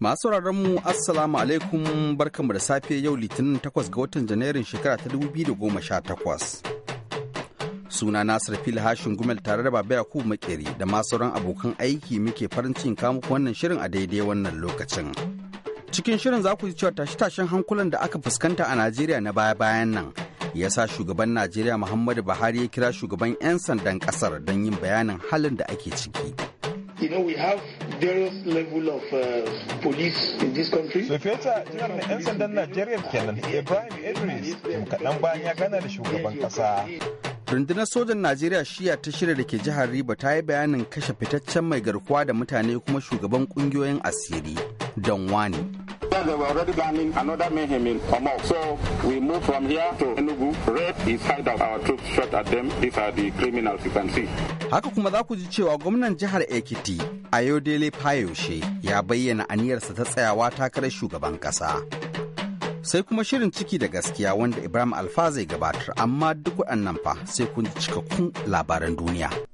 Masu mu Assalamu alaikum barkanmu da safe yau Litinin 8 ga watan Janairun shekara ta 2018. Suna Nasir Fil Hashin Gumel tare da Baba Yakubu Makeri da masu sauran abokan aiki muke farin cikin kamu wannan shirin a daidai wannan lokacin. Cikin shirin za ku ji cewa tashe-tashen hankulan da aka fuskanta a Najeriya na baya-bayan nan ya sa shugaban Najeriya Muhammadu Buhari ya kira shugaban 'yan sandan kasar don yin bayanin halin da ake ciki. You know, we have various level of uh, police in this country. Sufeta, jiran na 'yan sandan Najeriya kenan, Ibrahim Idris, jim kaɗan bayan ya gana da shugaban ƙasa. Rundunar sojan Najeriya shiya ta shirya da ke jihar Riba ta yi bayanin kashe fitaccen mai garkuwa da mutane kuma shugaban ƙungiyoyin asiri, Don Wani. Then they were already planning another mayhem in Omok. So we moved from here to Enugu. Red is of Our troops shot at them. These are the criminals you can see. Haka kuma za ku ji cewa gwamnan jihar Ekiti a dele Fayoshe ya bayyana aniyarsa ta tsayawa takarar shugaban kasa. Sai kuma shirin ciki da gaskiya wanda Ibrahim Alfa zai gabatar amma duk waɗannan fa sai kun ji cikakkun labaran duniya.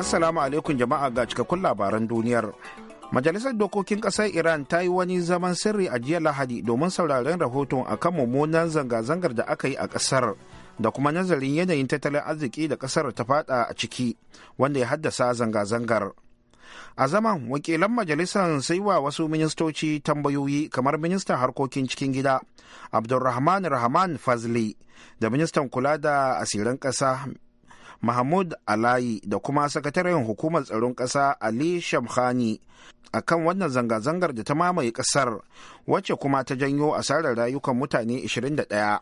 Assalamu alaikum jama'a ga cikakkun labaran duniyar. Majalisar Dokokin Ƙasar Iran ta yi wani zaman sirri a jiya Lahadi domin sauraren rahoton kan mummunan zanga-zangar da aka yi a ƙasar da kuma nazarin yanayin tattalin arziki da ƙasar ta fada a ciki wanda ya haddasa zanga-zangar. A zaman wakilan majalisar sai wa wasu ministoci tambayoyi kamar ministan harkokin cikin gida Abdulrahman Rahman Fazli da ministan kula da asirin ƙasa mahmud alayi da kuma sakataren hukumar tsaron ƙasa ali shamkhani a kan wannan zanga-zangar da ta mamaye ƙasar wacce kuma ta janyo asarar rayukan mutane 21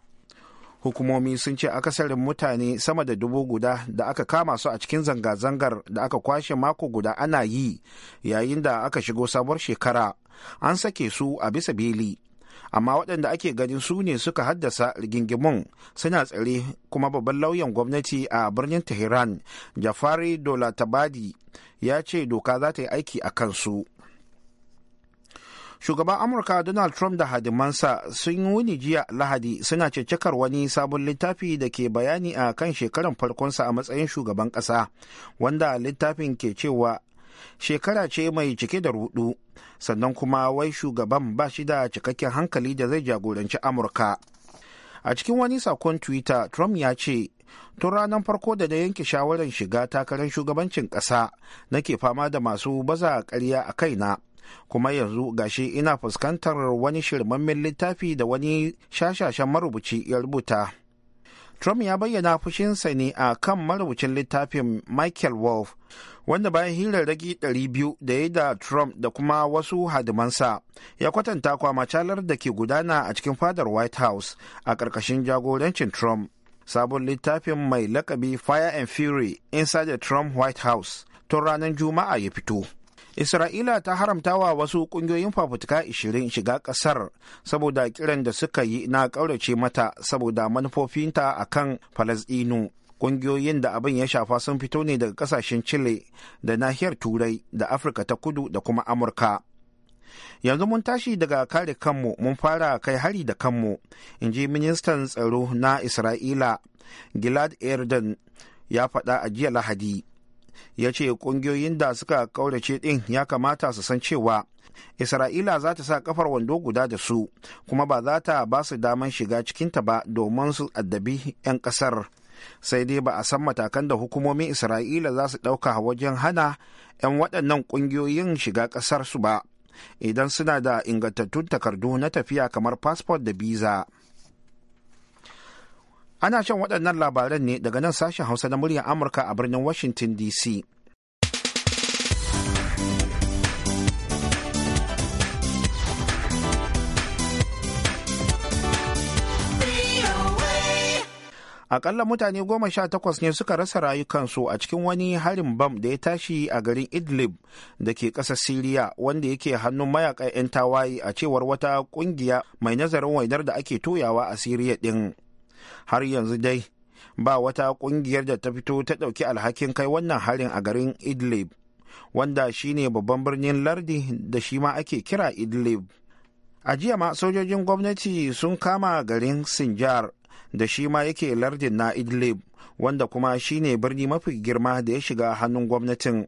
hukumomi sun ce akasarin mutane sama da dubu guda da aka kama su a cikin zanga-zangar da aka kwashe mako guda ana yi yayin da aka shigo sabuwar shekara an sake su a bisa beli amma waɗanda ake ganin su ne suka haddasa rigingimun suna tsare kuma babban lauyan gwamnati a birnin tehran jafari dolatabadi ya ce doka za ta yi aiki a kansu shugaban amurka donald trump da hadimansa sun yi wuni jiya lahadi suna cikakkar wani sabon littafi da ke bayani a kan shekaran farkonsa a matsayin shugaban ƙasa wanda littafin ke cewa shekara ce mai cike da rudu sannan kuma wai shugaban ba shi da cikakken hankali da zai jagoranci amurka a cikin wani sakon twitter trump ya ce tun ranar farko da na yanke shawarar shiga takarar shugabancin ƙasa nake fama da masu baza karya a kaina kuma yanzu gashi ina fuskantar wani shirmammen littafi da wani shashashen marubuci ya rubuta Trump ya bayyana fushinsa ne a kan marubucin littafin Michael Wolff, wanda bayan hirar ragi 200 da ya da Trump da kuma wasu hadimansa, ya kwatanta kwamacalar da ke gudana a cikin fadar White House a ƙarƙashin jagorancin Trump. Sabon littafin mai lakabi Fire and Fury Inside the Trump White House tun ranar Juma'a ya fito. Isra'ila ta haramtawa wasu kungiyoyin fafutuka ishirin shiga ƙasar saboda kiran da suka yi na ƙaurace mata saboda manufofinta a kan Falasɗinu. Kungiyoyin da abin ya shafa sun fito ne daga ƙasashen Chile da nahiyar Turai da Afirka ta kudu da kuma Amurka. Yanzu mun tashi daga kare kanmu mun fara kai hari da kanmu, in ji ministan tsaro na Isra'ila Gilad Erdan ya faɗa a jiya Lahadi. ya ce ƙungiyoyin da suka ƙaurace ɗin ya kamata su san cewa isra'ila za ta sa kafar wando guda da su kuma ba za ta ba su daman shiga cikinta ba domin su addabi 'yan ƙasar sai dai ba a san matakan da hukumomin isra'ila za su ɗauka wajen hana 'yan waɗannan ƙungiyoyin shiga ƙasar su ba idan suna da ingantattun takardu na tafiya kamar fasfot da biza. Ana shan waɗannan labaran ne daga nan sashen Hausa na muryar Amurka a birnin Washington DC. akalla mutane goma sha takwas ne suka rasa rayukansu a cikin wani harin bam da ya tashi a garin idlib da ke ƙasar siriya wanda yake hannun mayaƙa 'yan tawaye a cewar wata ƙungiya mai nazarin wainar da ake toyawa a siriya ɗin har yanzu dai ba wata kungiyar da ta fito ta ɗauki alhakin kai wannan harin a garin idlib wanda shine babban birnin lardi da shi ma ake kira idlib a jiya ma sojojin gwamnati sun kama garin sinjar da shi ma yake lardin na idlib wanda kuma shine birni mafi girma da ya shiga hannun gwamnatin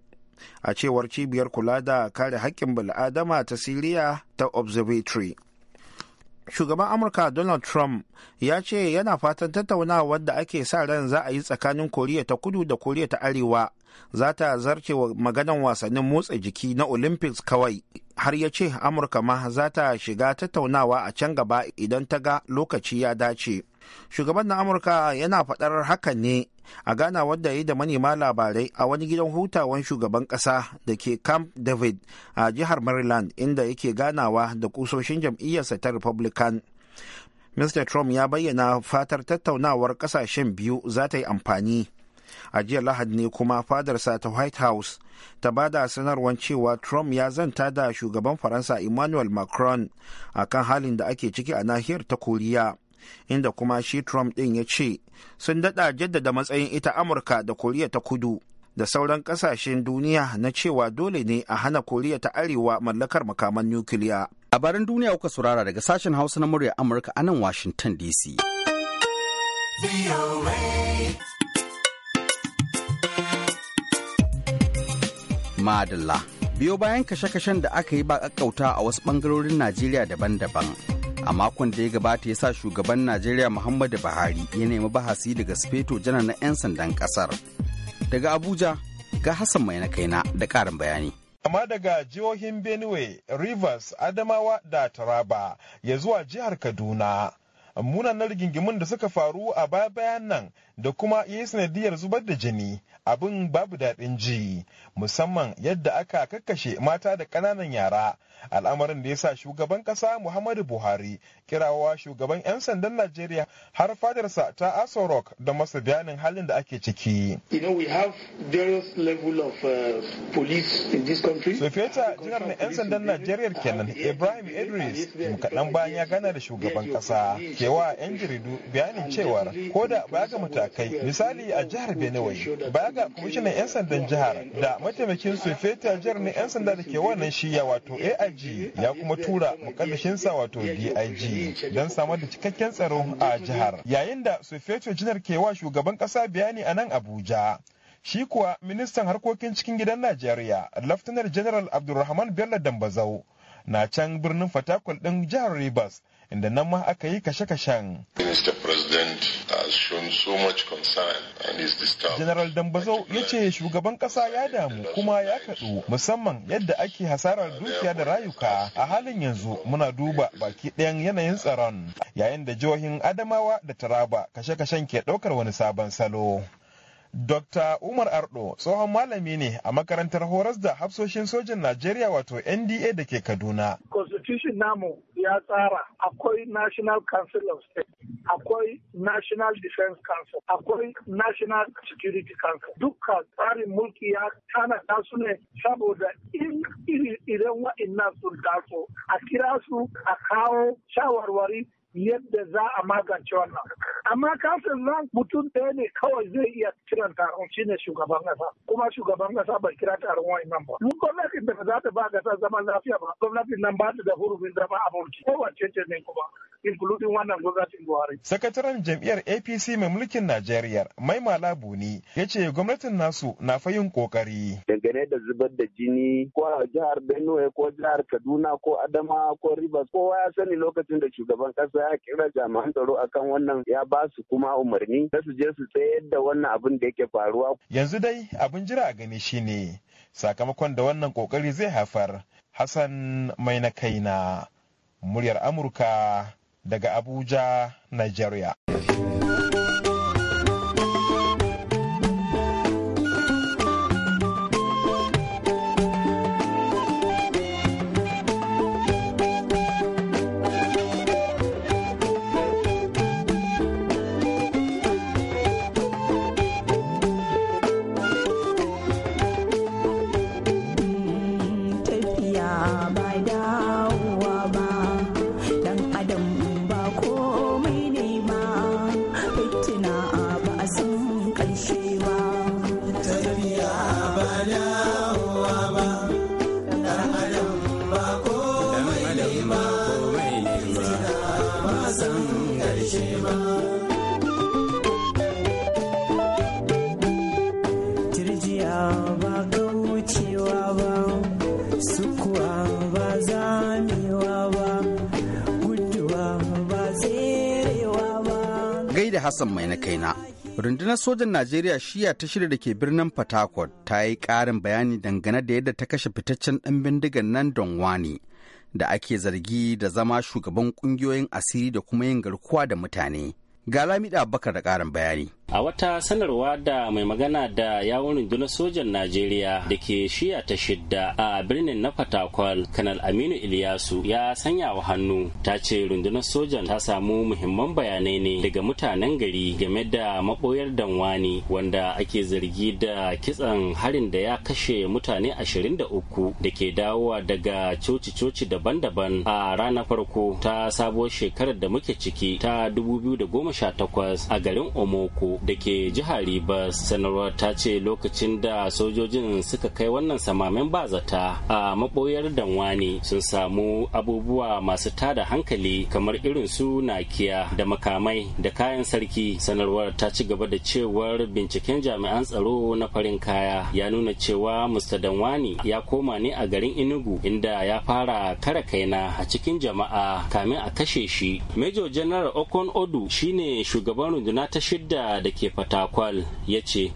a cewar cibiyar kula da kare haƙƙin bil'adama ta siriya ta observatory shugaban amurka donald trump ya ce yana fatan tattaunawar da ake sa ran za a yi tsakanin koriya ta kudu da koriya ta arewa za ta zarce maganan wasannin motsa jiki na olympics kawai har ya ce amurka ma za ta shiga tattaunawa a can gaba idan ta ga lokaci ya dace shugaban na amurka yana faɗar hakan ne a gana wadda yi da manema labarai a wani gidan hutawan shugaban ƙasa da ke camp david a jihar maryland inda yake ganawa da kusoshin jam'iyyarsa ta republican mr trump ya bayyana fatar tattaunawar ƙasashen biyu za ta yi amfani a jiya lahadi ne kuma fadarsa ta white house ta ba da sanarwar cewa trump ya zanta da shugaban faransa emmanuel macron a kan halin da ake ciki a nahiyar ta koriya inda kuma shi trump din ya ce sun daɗa jaddada matsayin ita amurka da koriya ta kudu da sauran ƙasashen duniya na cewa dole ne a hana koriya ta arewa mallakar makaman nukiliya labaran duniya kuka saurara daga sashen hausa na murya amurka a nan washington dc Madalla. Biyo bayan kashe-kashen da aka yi ba a wasu ɓangarorin Najeriya daban-daban. A makon da ya gabata ya sa shugaban Najeriya Muhammadu Buhari ya nemi bahasi daga Sufeto janar na 'yan sandan kasar. Daga Abuja ga Hassan mai na kaina da ƙarin bayani. kama daga jihohin Benue, Rivers, Adamawa da Taraba ya zuwa jihar Kaduna munanan rigingimun da suka faru a baya bayan nan da kuma ya yi sanadiyar zubar da jini abin babu daɗin ji musamman yadda aka kakkashe mata da ƙananan yara al'amarin da ya sa shugaban kasa muhammadu buhari kirawa shugaban 'yan sandan najeriya har fadarsa ta aso rock da masa bayanin halin da ake ciki uh, sofeta jinar na 'yan sandan najeriya kenan ibrahim idris kaɗan bayan ya gana da shugaban kasa kewa 'yan jaridu bayanin cewar ko da baya ga matakai misali a jihar benue baya ga kwamishinan 'yan sandan jihar da mataimakin sofeta jihar na 'yan sanda da ke wannan shiya wato ai ya kuma tura makalashinsa wato DIG don samar da cikakken tsaro a jihar. Yayin da Sufeto Janar ke wa shugaban kasa bayani a nan Abuja. Shi kuwa ministan harkokin cikin gidan Najeriya, Laftanar General Abdulrahman Bello Dambazau, na can birnin Fatakwal ɗin jihar Rivers inda nan ma aka yi kashe-kashen. General Dambazo ya ce shugaban kasa ya damu kuma ya kaɗu musamman yadda ake hasarar dukiya da rayuka a halin yanzu muna duba baki ɗayan yanayin tsaron yayin da jihohin Adamawa da Taraba kashe-kashen ke ɗaukar wani sabon salo. Dr. Umar Ardo tsohon malami ne a makarantar horas da hafsoshin sojan Najeriya wato NDA da ke Kaduna. Constitution namu ya tsara akwai National Council of State, akwai National Defense Council, akwai National Security Council. Dukka tsarin mulki ya ta su ne saboda in idan wa'innan sun taso a kira su a kawo shawarwari yadda za a magance wannan. amma kafin nan mutum ɗaya ne kawai zai iya kiran taron ne shugaban ƙasa kuma shugaban ƙasa bai kira taron nan ba mun gwamnatin da za ta ba ƙasa zaman lafiya ba gwamnatin nan ba ta da hurumin zama Ko kowace ce ne kuma including wannan gwamnatin Buhari. Sakataren jam'iyyar APC mai mulkin Najeriya Maima buni ya ce gwamnatin nasu na fayin kokari. Dangane da zubar da jini ko a jihar Benue ko jihar Kaduna ko Adama ko Rivers kowa ya sani lokacin da shugaban kasa ya kira jami'an tsaro akan wannan ya ba su kuma umarni na su je su tsayar da wannan abin da yake faruwa. Yanzu dai abin jira a gani shine sakamakon da wannan kokari zai haifar. Hassan mai na kaina muryar Amurka daga Abuja, Nigeria. mai na kai na, Rundunar sojan Najeriya shiya ta shirya da ke birnin Fatakwal ta yi ƙarin bayani dangane da yadda ta kashe fitaccen ɗan bindigan nan don wani da ake zargi da zama shugaban ƙungiyoyin asiri da kuma yin garkuwa da mutane. Ga Lamida Abubakar da ƙarin bayani. a wata sanarwa da mai magana da yawon rundunar sojan najeriya da ke shiya ta shidda a birnin na fatakwal kanal aminu iliyasu ya sanya wa hannu ta ce rundunar sojan ta samu muhimman bayanai ne daga mutanen gari game da maboyar danwani wanda ake zargi da kitsan harin da ya kashe mutane 23 da ke dawowa daga coci-coci daban-daban a ranar farko ta sabuwar shekarar da muke ciki ta 2018 a garin omoko da ke jihar Ribas sanarwar ta ce lokacin da sojojin suka kai wannan samamen zata, a maboyar Danwani sun samu abubuwa masu tada hankali kamar irin su nakiya da makamai da kayan sarki sanarwar ta ci gaba da cewar binciken jami'an tsaro na farin kaya ya nuna cewa Mr. Danwani ya koma ne a garin inugu, inda ya fara kare kaina a cikin jama'a kamin a kashe shi. Major General Okon Odu shine shugaban runduna ta shidda da da ke fatakwal ya ce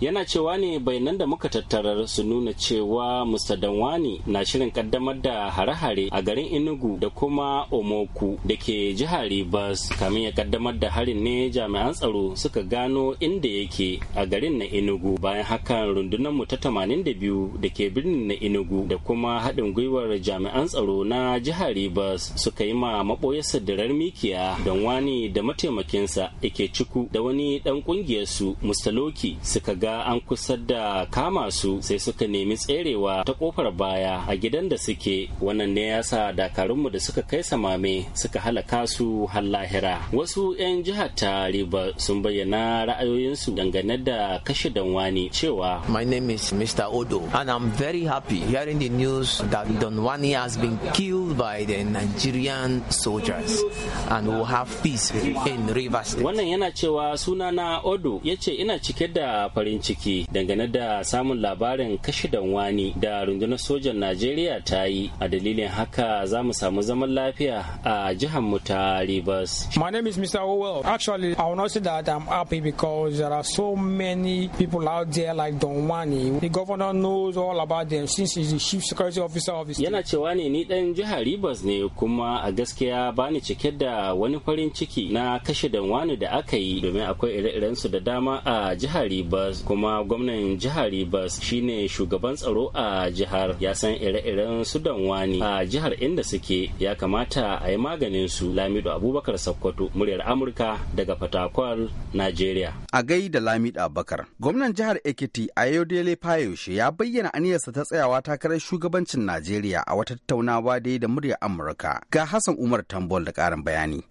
yana cewa ne bayanan da muka tattarar su nuna cewa mr danwani na shirin kaddamar da hare-hare a garin enugu da kuma omoku da ke jihar rivers kamin ya kaddamar da harin ne jami'an tsaro suka gano inda yake a garin na enugu bayan hakan rundunar mu ta 82 da ke birnin na enugu da kuma haɗin gwiwar jami'an tsaro na jihar Rivers suka yi ma maɓoyar sadarar mikiya don wani da mataimakinsa yake ciku da wani ɗan ƙungiyarsu Mustaloki suka ga an kusa da kama su sai suka nemi tserewa ta kofar baya a gidan da suke wannan ne yasa dakarunmu da suka kai samame suka halaka su har lahira. Wasu 'yan jihar ta Rivers sun bayyana ra'ayoyinsu dangane da kashe danwani cewa. My name is Mr. Odo and I'm very happy hearing the news that that Donwani has been killed by the Nigerian soldiers and will have peace in River State. Wannan yana cewa sunana Odo ya ce ina cike da farin ciki dangane da samun labarin kashe Donwani da rundunar sojan Najeriya ta yi a dalilin haka za mu samu zaman lafiya a jihar mu ta Rivers. My name is Mr. Owell. Actually, I will not say that I'm happy because there are so many people out there like Donwani. The governor knows all about them since he's the chief security officer officer obviously. Yana cewa ne ni dan jihar Rivers ne kuma a gaskiya bani cike da wani farin ciki na kashe danwani da aka yi domin akwai ire-iren su da dama a jihar Rivers kuma gwamnan jihar Rivers shine shugaban tsaro a jihar ya san ire-iren su danwani a jihar inda suke ya kamata a yi maganin su Lamido Abubakar sakkwato muryar Amurka daga Fatakwal Najeriya. A da Lamido Abubakar gwamnan jihar Ekiti Ayodele Fayoshe ya bayyana aniyarsa ta tsayawa takarar shugabancin Najeriya a wata tattaunawa da da muryar Amurka. Ga Hassan Umar Tambol da ƙarin bayani.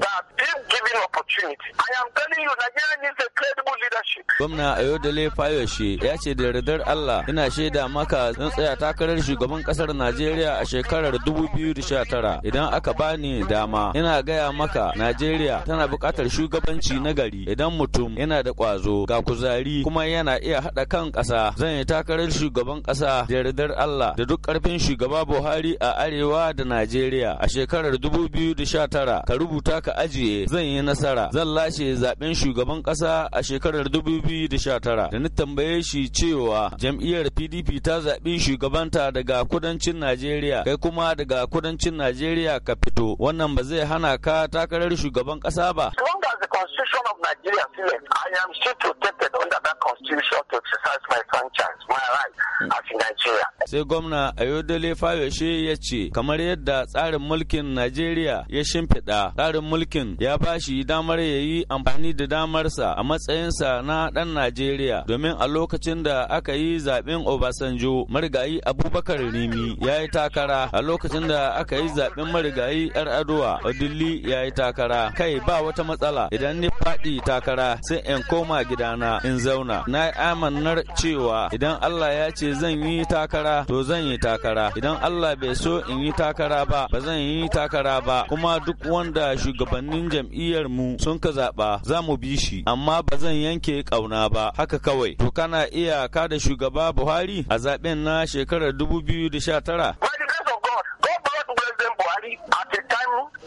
that if given opportunity, I am telling you, Nigeria needs a credible leadership. Gwamna Ayodele Fayoshe ya ce da yardar Allah ina shaida maka zan tsaya takarar shugaban kasar Najeriya a shekarar 2019 idan aka bani dama ina gaya maka Najeriya tana buƙatar shugabanci na gari idan mutum yana da ƙwazo ga kuzari kuma yana iya haɗa kan ƙasa zan yi takarar shugaban ƙasa da yardar Allah da duk ƙarfin shugaba Buhari a arewa da Najeriya a shekarar 2019 ka rubuta aka ajiye zan yi nasara zan lashe zaben shugaban kasa a shekarar 2019 da ni tambaye shi cewa jam'iyyar PDP ta zaɓi shugabanta daga kudancin Najeriya kai kuma daga kudancin Najeriya ka fito wannan ba zai hana ka takarar shugaban kasa ba. Sai gwamna Ayodele Fayoshe ya ce kamar yadda tsarin mulkin Najeriya ya shimfiɗa tsarin mulkin ya ba shi damar ya yi amfani da damarsa a matsayinsa na ɗan Najeriya domin a lokacin da aka yi zaɓen Obasanjo marigayi Abubakar Rimi ya yi takara a lokacin da aka yi zaɓen marigayi Adowa Odili ya yi takara kai ba wata matsala idan ni faɗi takara sai in koma gidana in zauna na yi amannar cewa idan Allah ya ce zan yi takara to zan yi takara idan Allah bai so in yi takara ba ba zan yi takara ba kuma duk wanda shi shugabannin jam'iyyar mu sun ka zaɓa za mu bi shi amma ba zan yanke ƙauna ba haka kawai to kana iya kada shugaba Buhari a zaɓen na shekarar 2019. they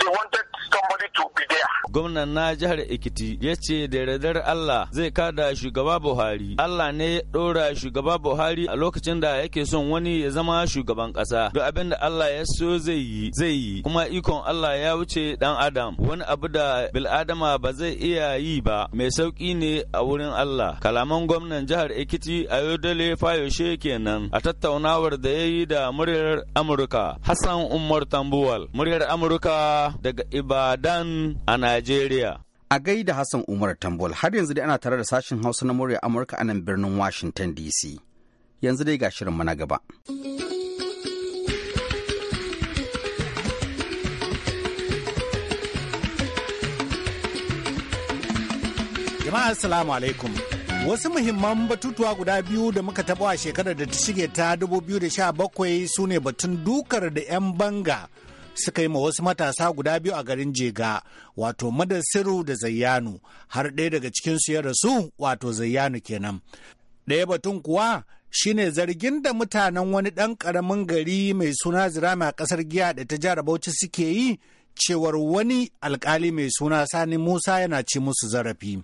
wanted somebody to be there. gwamnan na jihar Ekiti ya ce da yardar Allah zai kada shugaba Buhari. Allah ne ya ɗora shugaba Buhari a lokacin da yake son wani ya zama shugaban ƙasa. Duk abin da Allah ya so zai yi zai yi kuma ikon Allah ya wuce dan Adam wani abu da bil'adama ba zai iya yi ba mai sauki ne a wurin Allah. Kalaman gwamnan jihar Ekiti Ayodele Fayoshe kenan a tattaunawar da ya yi da muryar Amurka. Hassan Umar Tambuwal muryar Amurka daga Ibadan a Najeriya. Najeriya. A gaida Hassan Umar Tambol har yanzu dai ana tare da sashen Hausa na murya Amurka a nan birnin Washington DC. Yanzu dai ga shirin na gaba. Jama'a Assalamu alaikum. Wasu muhimman batutuwa guda biyu da muka taɓa a shekarar da ta shige ta 2017 su ne batun dukar da 'yan banga suka yi ma wasu matasa guda biyu a garin Jega, wato Madasiru da Zayyanu, har ɗaya daga cikinsu ya rasu wato Zayyanu kenan. Ɗaya batun kuwa shine zargin da mutanen wani ɗan ƙaramin gari mai suna zirama a ƙasar giya da ta jihar Bauchi suke yi cewar wani alkali mai suna Sani Musa yana ci musu zarafi.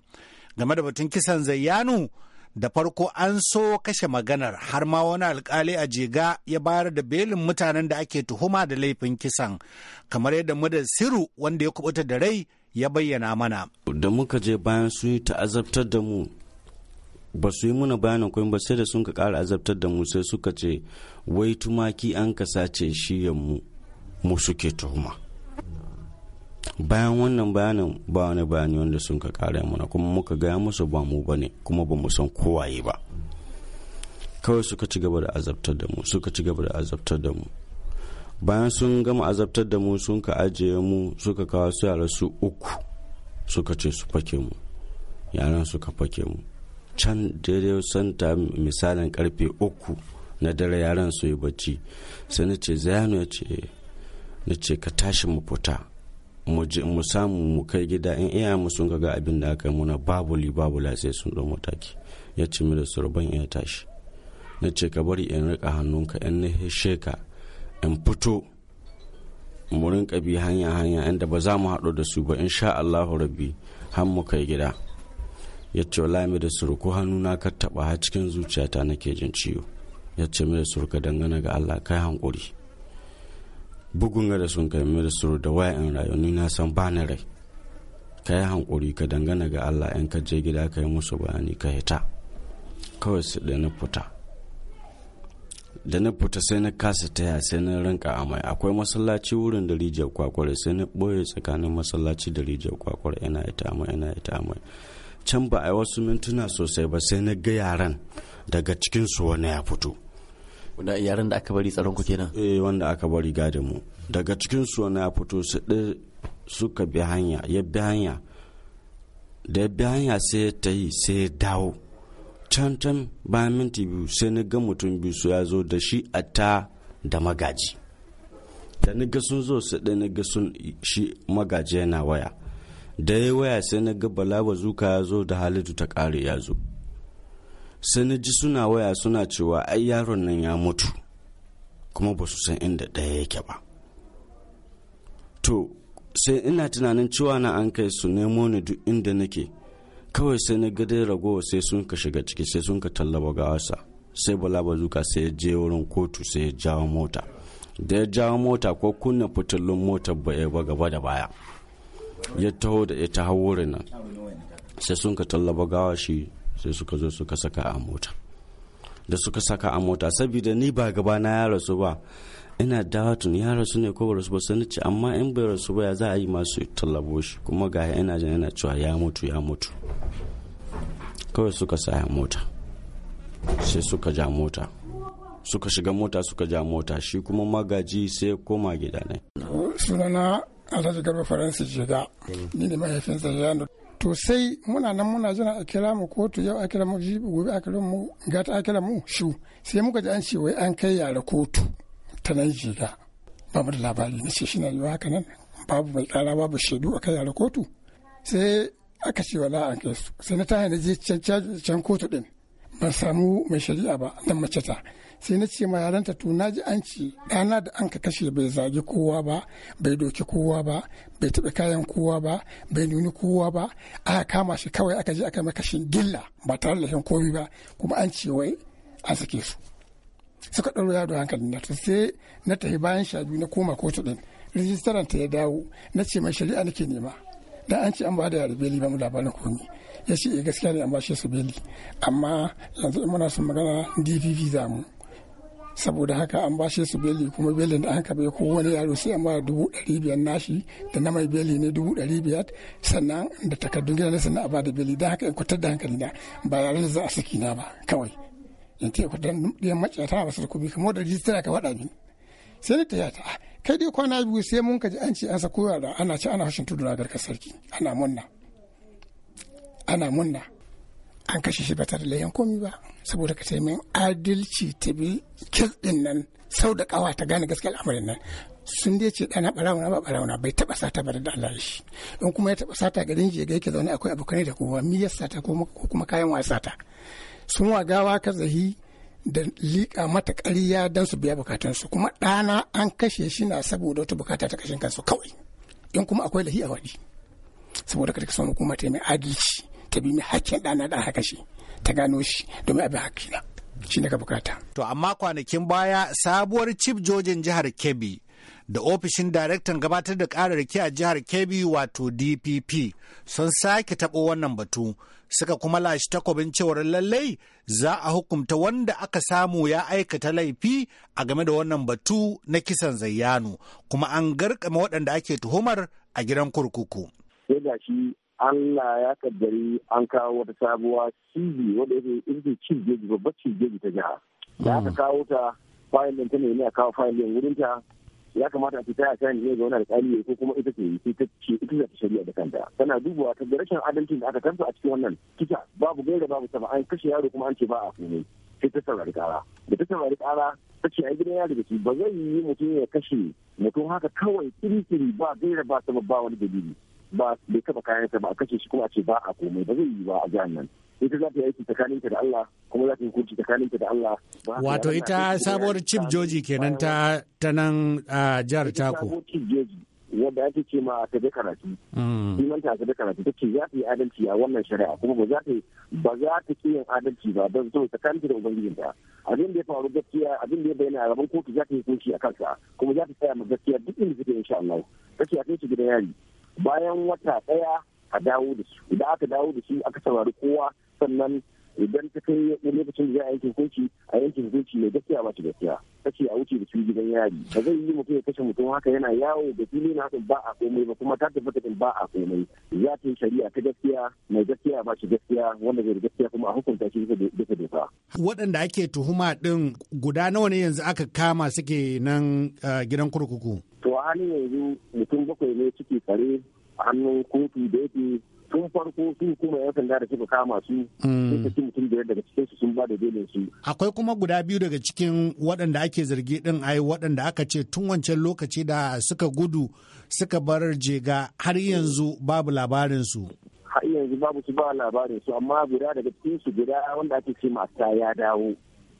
Game da batun kisan Zayyanu, da farko an so kashe maganar har ma wani alkali a jega ya bayar da belin mutanen da ake tuhuma da laifin kisan kamar yadda mu da siru wanda ya kubuta da rai ya bayyana mana da muka je bayan su yi ta'azabtar da mu ba su yi muna bayanin kuma ba sai da sun ka kara azabtar da mu sai suka ce wai tumaki an ka sace shiyan mu mu suke tuhuma bayan wannan bayanin ba wani bayani wanda sun ka kara mana kuma muka gaya musu ba mu bane kuma ba mu san kowaye ba kawai suka ci gaba da azabtar da mu suka ci gaba da azabtar da mu bayan sun gama azabtar da mu sun ka ajiye mu suka kawo su yara su uku suka ce su fake mu yaran suka fake mu can daidai santa misalin karfe uku na dare yaran su yi bacci sai na ce na ce ka tashi mu fita mu samu mu kai gida in iya mu sun ga abin da aka muna babu li sai sun ɗau mataki ya ce mi da surban ya tashi na ce ka bari in rika hannunka in na sheka in fito mu rinka bi hanya hanya inda ba za mu haɗu da su ba in sha Allahu rabbi har mu kai gida ya ce wala mi da surku hannuna ka taɓa har cikin zuciyata nake jin ciwo ya ce mi da surka dangane ga Allah kai hankuri bugun da sun kai mai suru da wayan rayu na san ba rai ka yi hankuri ka dangana ga allah in ka je gida ka yi musu bayani ka hita kawai su da na fita da na fita sai na kasa taya sai na rinka amai akwai masallaci wurin da rijiyar kwakwar sai na ɓoye tsakanin masallaci da rijiyar kwakwar yana ita amai yana ita amai can ba a yi wasu mintuna sosai ba sai na ga yaran daga cikinsu wani ya fito wanda yaran da aka bari tsaron ku kenan eh wanda aka bari gadin mu daga cikin su na fito su ɗi suka bi hanya ya bi hanya da ya bi hanya sai ta yi sai ya dawo can can bayan minti biyu sai na ga mutum biyu su ya zo da shi a ta da magaji da na ga sun zo su ɗaya na ga sun shi magaji yana waya da ya waya sai na ga bala bazuka ya zo da halittu ta ƙare ya zo sai na ji suna waya suna cewa ai yaron nan ya mutu kuma ba su san inda ɗaya yake ba to sai ina tunanin cewa na an kai su nemo ni duk inda nake kawai sai na gadai ragowa sai sun ka shiga ciki sai sun ka tallaba gawarsa sai bala bazuka sai ya je wurin kotu sai ya jawo mota da ya jawo mota ko kunna fitilun motar ba ya gaba da baya ya taho da ita hawo nan sai sun ka tallaba gawa shi sai suka zo suka saka a mota da suka saka a mota saboda ni ba gaba na ya rasu ba ina dawa ya rasu ne ko rasu ba sun ce amma in bai rasu ba ya za a yi masu tallabo shi kuma ga ina jin yana cewa ya mutu ya mutu kawai suka sa ya mota sai suka ja mota suka shiga mota suka ja mota shi kuma magaji sai koma gida ne sunana alhaji garba faransi shiga ni ne mahaifinsa ya to sai muna nan muna jira a kira mu kotu yau a kira mu gobe a kira mu gata a kira mu shu sai muka ji an ce wai an kai yara kotu ta nan jiga ba mu da labari na ce shine yiwa haka nan babu mai tsara babu shaidu a kai yara kotu sai aka ce wala an kai su sai na tahi na je can kotu din ban samu mai shari'a ba dan mace ta sai na ce ma yaran ta tuna ji an ci ɗana da an ka kashe bai zagi kowa ba bai doki kowa ba bai taɓa kayan kowa ba bai nuni kowa ba aka kama shi kawai aka je aka mai kashin gilla ba tare da komi ba kuma an ce wai an sake su suka ɗauro yaro hankali na sai na tafi bayan sha biyu na koma kotu ɗin rijistaran ta ya dawo na ce mai shari'a nake nema da an ce an ba da yare beli ba mu labarin komi ya ce eh, gaskiya ne an ba shi su beli amma yanzu in muna son magana dpp za mu saboda haka an bashe su beli kuma belin da aka bai ko wani yaro sai an ba dubu ɗari biyar nashi da na mai beli ne dubu ɗari biyar sannan da takardun gida na sannan a ba da beli da haka in kwatar da hankali na ba yare da za a saki na ba kawai in ce kwatar da maciyata ba su da kubi kamar da rijistara ka faɗa min sai na taya ta ah, kai dai kwana biyu sai mun kaji an ce an sako yara ana ci ana hashin tudu na garkar sarki ana munna ana munna an kashe shi ba tare da yan komi ba saboda ka taimakon adalci ta bi kil nan sau da kawa ta gane gaskiyar al'amarin nan sun dai ce ɗana ɓarawuna ba ɓarawuna bai taɓa sata ba da Allah shi in kuma ya taɓa sata garin jiya ga yake zaune akwai abokanai da kuma miyar sata ko kuma kayan wa sata sun wagawa ka zahi da liƙa mata ƙarya don su biya su kuma ɗana an kashe shi na saboda wata bukata ta kashin kansu kawai in kuma akwai lahi a waɗi saboda ka ka samu hukuma ta mai adalci ta bi hakkin ɗana ɗan haka shi ta gano shi domin abin na shi ne ka bukata. To amma kwanakin baya sabuwar cif jojin jihar Kebbi da ofishin daraktan gabatar da rike a jihar Kebbi wato DPP sun sake taɓo wannan batu suka kuma lashe takobin cewar lallai za a hukumta wanda aka samu ya aikata laifi a game da wannan batu na kisan zayyanu kuma an garkama waɗanda ake tuhumar a gidan kurkuku. Allah ya kaddari an kawo wata sabuwa cibi wadda yake ita cibiyoji babbar cibiyoji ta jiha da aka mm. kawo ta fayil ɗin ta ne a kawo fayil ɗin wurin ta ya kamata a fita a sani ne ga wani alƙali ko kuma ita ce ita ce ita ce shari'a da kanta tana dubawa ta ga rashin adalcin da aka tarsa a cikin wannan kisa babu gaira babu sama an kashe yaro kuma an ce ba a kome sai ta saurari kara da ta saurari kara ta ce ai gidan yaro da ba zai yi mutum ya kashe mutum haka kawai kiri-kiri ba gaira ba sama ba wani dalili ba bai kafa kayan ba a kashe shi kuma a ce ba a komai ba zai yi ba a jihar nan ita za ta yi aiki tsakaninta da Allah kuma za ta yi hukunci tsakaninta da Allah. Wato ita sabuwar Chief Joji kenan ta ta nan a jihar Tako. Sabuwar Chief Joji wadda ake ce ma ta da karatu. Mm. Iman ta ta da karatu take ce za ta yi adalci a wannan shari'a kuma ba za ta ba za ta ki yin adalci ba don zo tsakaninta da ubangijinta. Abin da ya faru gaskiya abin da ya bayyana a gaban kotu za ta yi hukunci a kansa kuma za ta tsaya ma gaskiya duk inda suke insha Allah. Ta ce a kai shi gidan yari. bayan wata ɗaya a dawo da su idan aka dawo da su aka saurari kowa sannan idan ta kai lokacin da za a yanke hukunci a yanke hukunci mai gaskiya ba ta gaskiya kace a wuce da su gidan yari ba zai yi mutum ya kashe mutum haka yana yawo da fili na haka ba a komai ba kuma ta tabbata din ba a komai za ta yi shari'a ta gaskiya mai gaskiya ba shi gaskiya wanda zai gaskiya kuma a hukunta shi bisa doka. waɗanda ake tuhuma ɗin guda nawa ne yanzu aka kama suke nan eh, gidan kurkuku. cewa a halin yanzu mutum bakwai ne suke tsare a hannun kotu da yake tun farko su kuma yan sanda da suka kama su hmm. sun saki mutum da daga cikin su sun ba da belin su akwai kuma guda biyu daga cikin waɗanda ake zargi din ai waɗanda aka ce tun wancan lokaci da suka gudu suka bar jega har yanzu babu labarin su har yanzu babu su ba labarin su amma guda daga cikin su guda wanda ake ce ta ya dawo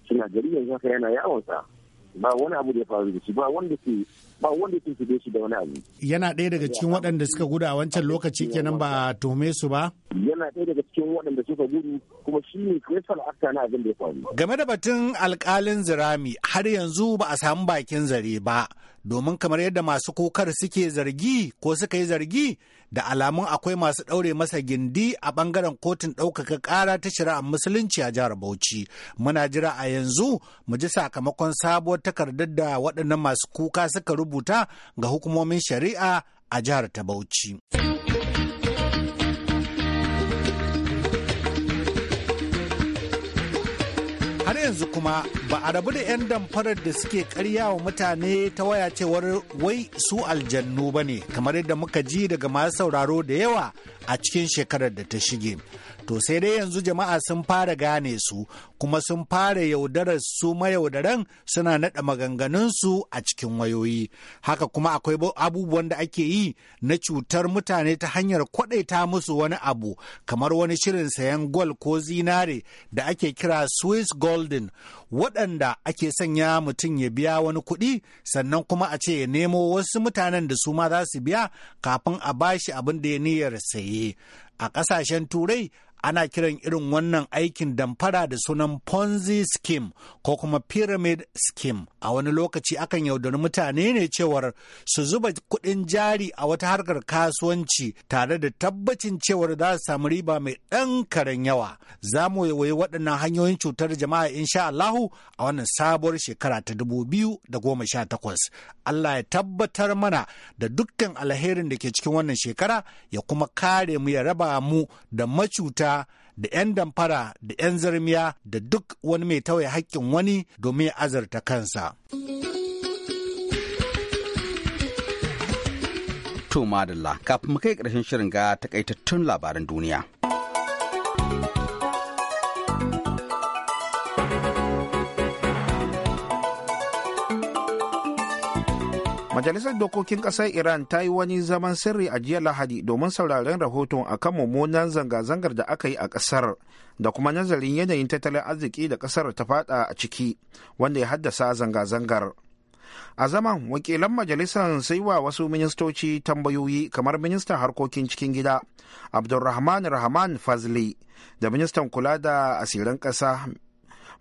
suna gari yanzu haka yana yawon sa ba wani abu da ya faru da shi ba wanda ke ba wanda ya tuntube shi da wani abu. Yana ɗaya daga cikin waɗanda suka gudu a wancan lokaci kenan ba tome su ba? Yana ɗaya daga cikin waɗanda suka gudu kuma shi ne Crystal Acta na abin da ya faru. Game da batun alƙalin zirami har yanzu ba a samu bakin zare ba. Domin kamar yadda masu kokar suke zargi ko suka yi zargi da alamun akwai masu ɗaure masa gindi a ɓangaren kotun ɗaukaka ƙara ta shari'ar musulunci a jihar Bauchi. Muna jira a yanzu mu ji sakamakon sabuwar takardar da waɗannan masu kuka suka rubuta rubuta ga hukumomin shari'a a jihar ta Bauchi. har yanzu kuma ba a rabu da 'yan damfarar da suke karya wa mutane ta waya cewar wai su aljannu ba ne kamar yadda muka ji daga masu sauraro da yawa a cikin shekarar da ta shige to sai dai yanzu jama'a sun fara gane su kuma sun fara yaudarar su mayaudaran suna naɗa maganganunsu a cikin wayoyi haka kuma akwai abubuwan da ake yi na cutar mutane ta hanyar kwaɗaita musu wani abu kamar wani shirin sayan gol ko zinare da ake kira swiss golden waɗanda ake sanya mutum ya biya wani kuɗi sannan kuma a ce ya nemo wasu mutanen da su ma za su biya kafin a bashi abin da ya niyyar saye a ƙasashen turai ana kiran irin wannan aikin damfara da sunan ponzi scheme ko kuma pyramid scheme a wani lokaci akan yaudari mutane ne cewar su zuba kudin jari a wata harkar kasuwanci tare da tabbacin cewar za su samu riba mai ɗan karen yawa za mu waye waɗannan hanyoyin cutar jama'a insha Allahu a wannan sabuwar shekara ta dubu biyu da goma sha takwas Allah ya tabbatar mana da dukkan alherin da ke cikin wannan shekara ya kuma kare mu ya raba mu da macuta da 'yan damfara da 'yan zarmiya da duk wani mai tawaye haƙƙin wani domin azarta kansa. To madalla kafin mu kai ƙarshen shirin ga takaitattun labaran duniya. Majalisar Dokokin Ƙasar Iran ta yi wani zaman sirri a jiya Lahadi domin sauraren rahoton kan mummunan zanga-zangar da aka yi a ƙasar da kuma nazarin yanayin tattalin arziki da ƙasar ta fada a ciki wanda ya haddasa zanga-zangar. A zaman wakilan majalisar sai wa wasu ministoci tambayoyi kamar ministan harkokin cikin gida Abdulrahman Rahman Fazli da ministan kula da asirin ƙasa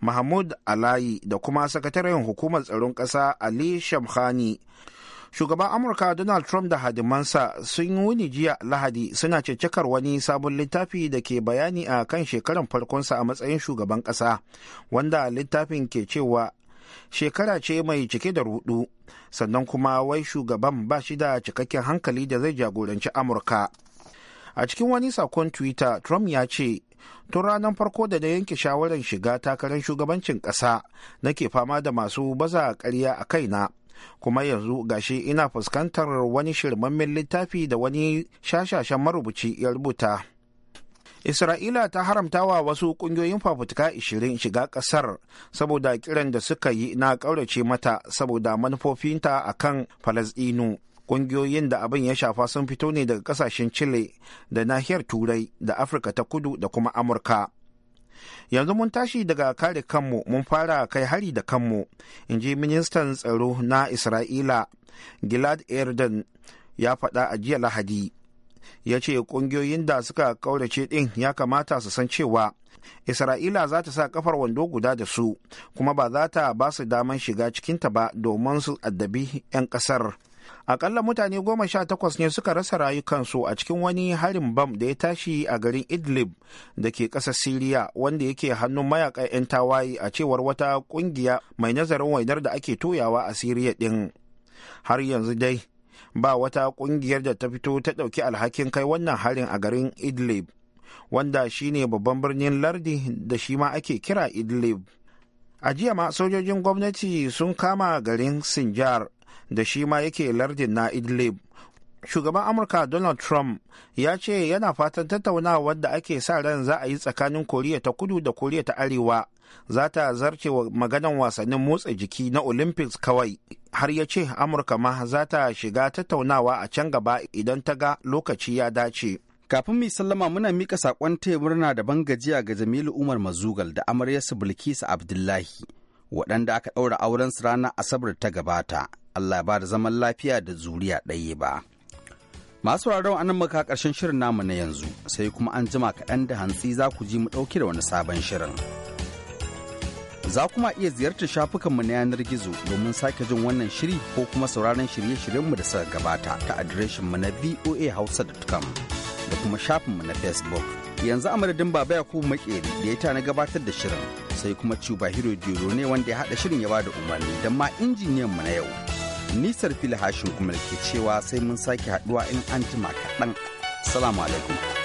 Mahmud Alayi da kuma sakataren hukumar tsaron ƙasa Ali Shamkhani shugaban amurka donald trump da hadimansa sun yi wuni jiya lahadi suna cecekar wani sabon littafi da ke bayani a kan shekaran farkonsa a matsayin shugaban kasa wanda littafin ke cewa shekara ce mai cike da rudu sannan kuma wai shugaban ba shi da cikakken hankali da zai jagoranci amurka a cikin wani sakon twitter trump ya ce tun ranar farko da na yanke shawarar shiga takarar shugabancin ƙasa nake fama da masu baza karya a kaina kuma yanzu gashi ina fuskantar wani shirmammin littafi da wani shashashen marubuci ya rubuta isra'ila ta haramtawa wasu ƙungiyoyin fafutuka 20 shiga ƙasar saboda kiran da suka yi na ƙaurace mata saboda manufofinta a kan falasɗinu Ƙungiyoyin da abin ya shafa sun fito ne daga ƙasashen chile da nahiyar turai da afirka ta kudu da kuma amurka yanzu mun tashi daga kare kanmu mun fara kai hari da kanmu in ji ministan tsaro na isra'ila gilad erdan ya faɗa a jiya lahadi ya ce ƙungiyoyin da suka ƙaurace ɗin ya kamata su san cewa isra'ila za ta sa kafar wando guda da su kuma ba za ta ba su daman shiga cikinta ba domin su addabi 'yan ƙasar. akalla mutane goma sha takwas ne suka rasa rayukansu a cikin wani harin bam da ya tashi a garin idlib da ke ƙasar siriya wanda yake hannun mayakan 'yan tawaye a cewar wata ƙungiya mai nazarin wainar da ake toyawa a siriya ɗin har yanzu dai ba wata ƙungiyar da ta fito ta ɗauki alhakin kai wannan harin a garin idlib wanda shine babban birnin lardi da shi ma ake kira idlib a jiya ma sojojin gwamnati sun kama garin sinjar da shi ma yake lardin na idlib shugaban amurka donald trump ya ce yana fatan tattaunawar da ake sa ran za a yi tsakanin koriya ta kudu da koriya ta arewa za ta zarce maganan wasannin motsa jiki na olympics kawai har ya ce amurka ma za ta shiga tattaunawa a can gaba idan ta ga lokaci ya dace kafin mai sallama muna mika saƙon taya murna da gajiya ga jamilu umar mazugal da amaryarsa bilkisu abdullahi waɗanda aka ɗaura su ranar asabar ta gabata Allah ba da zaman lafiya da zuriya ɗaya ba. Masu rarau anan maka ƙarshen shirin namu na yanzu sai kuma an jima kaɗan da hantsi za ku ji mu ɗauki da wani sabon shirin. Za kuma iya ziyartar shafukanmu na yanar gizo domin sake jin wannan shiri ko kuma sauraron shirye-shiryenmu da suka gabata ta adireshinmu na voa hausa da da kuma shafinmu na Facebook. Yanzu a madadin Baba Yakubu Makeri da ya ta na gabatar da shirin sai kuma Cuba Hiro ne wanda ya haɗa shirin ya da umarni don ma injiniyanmu na yau. nisar fili hashin kuma ke cewa sai mun sake haduwa in an jima kaɗan salamu alaikum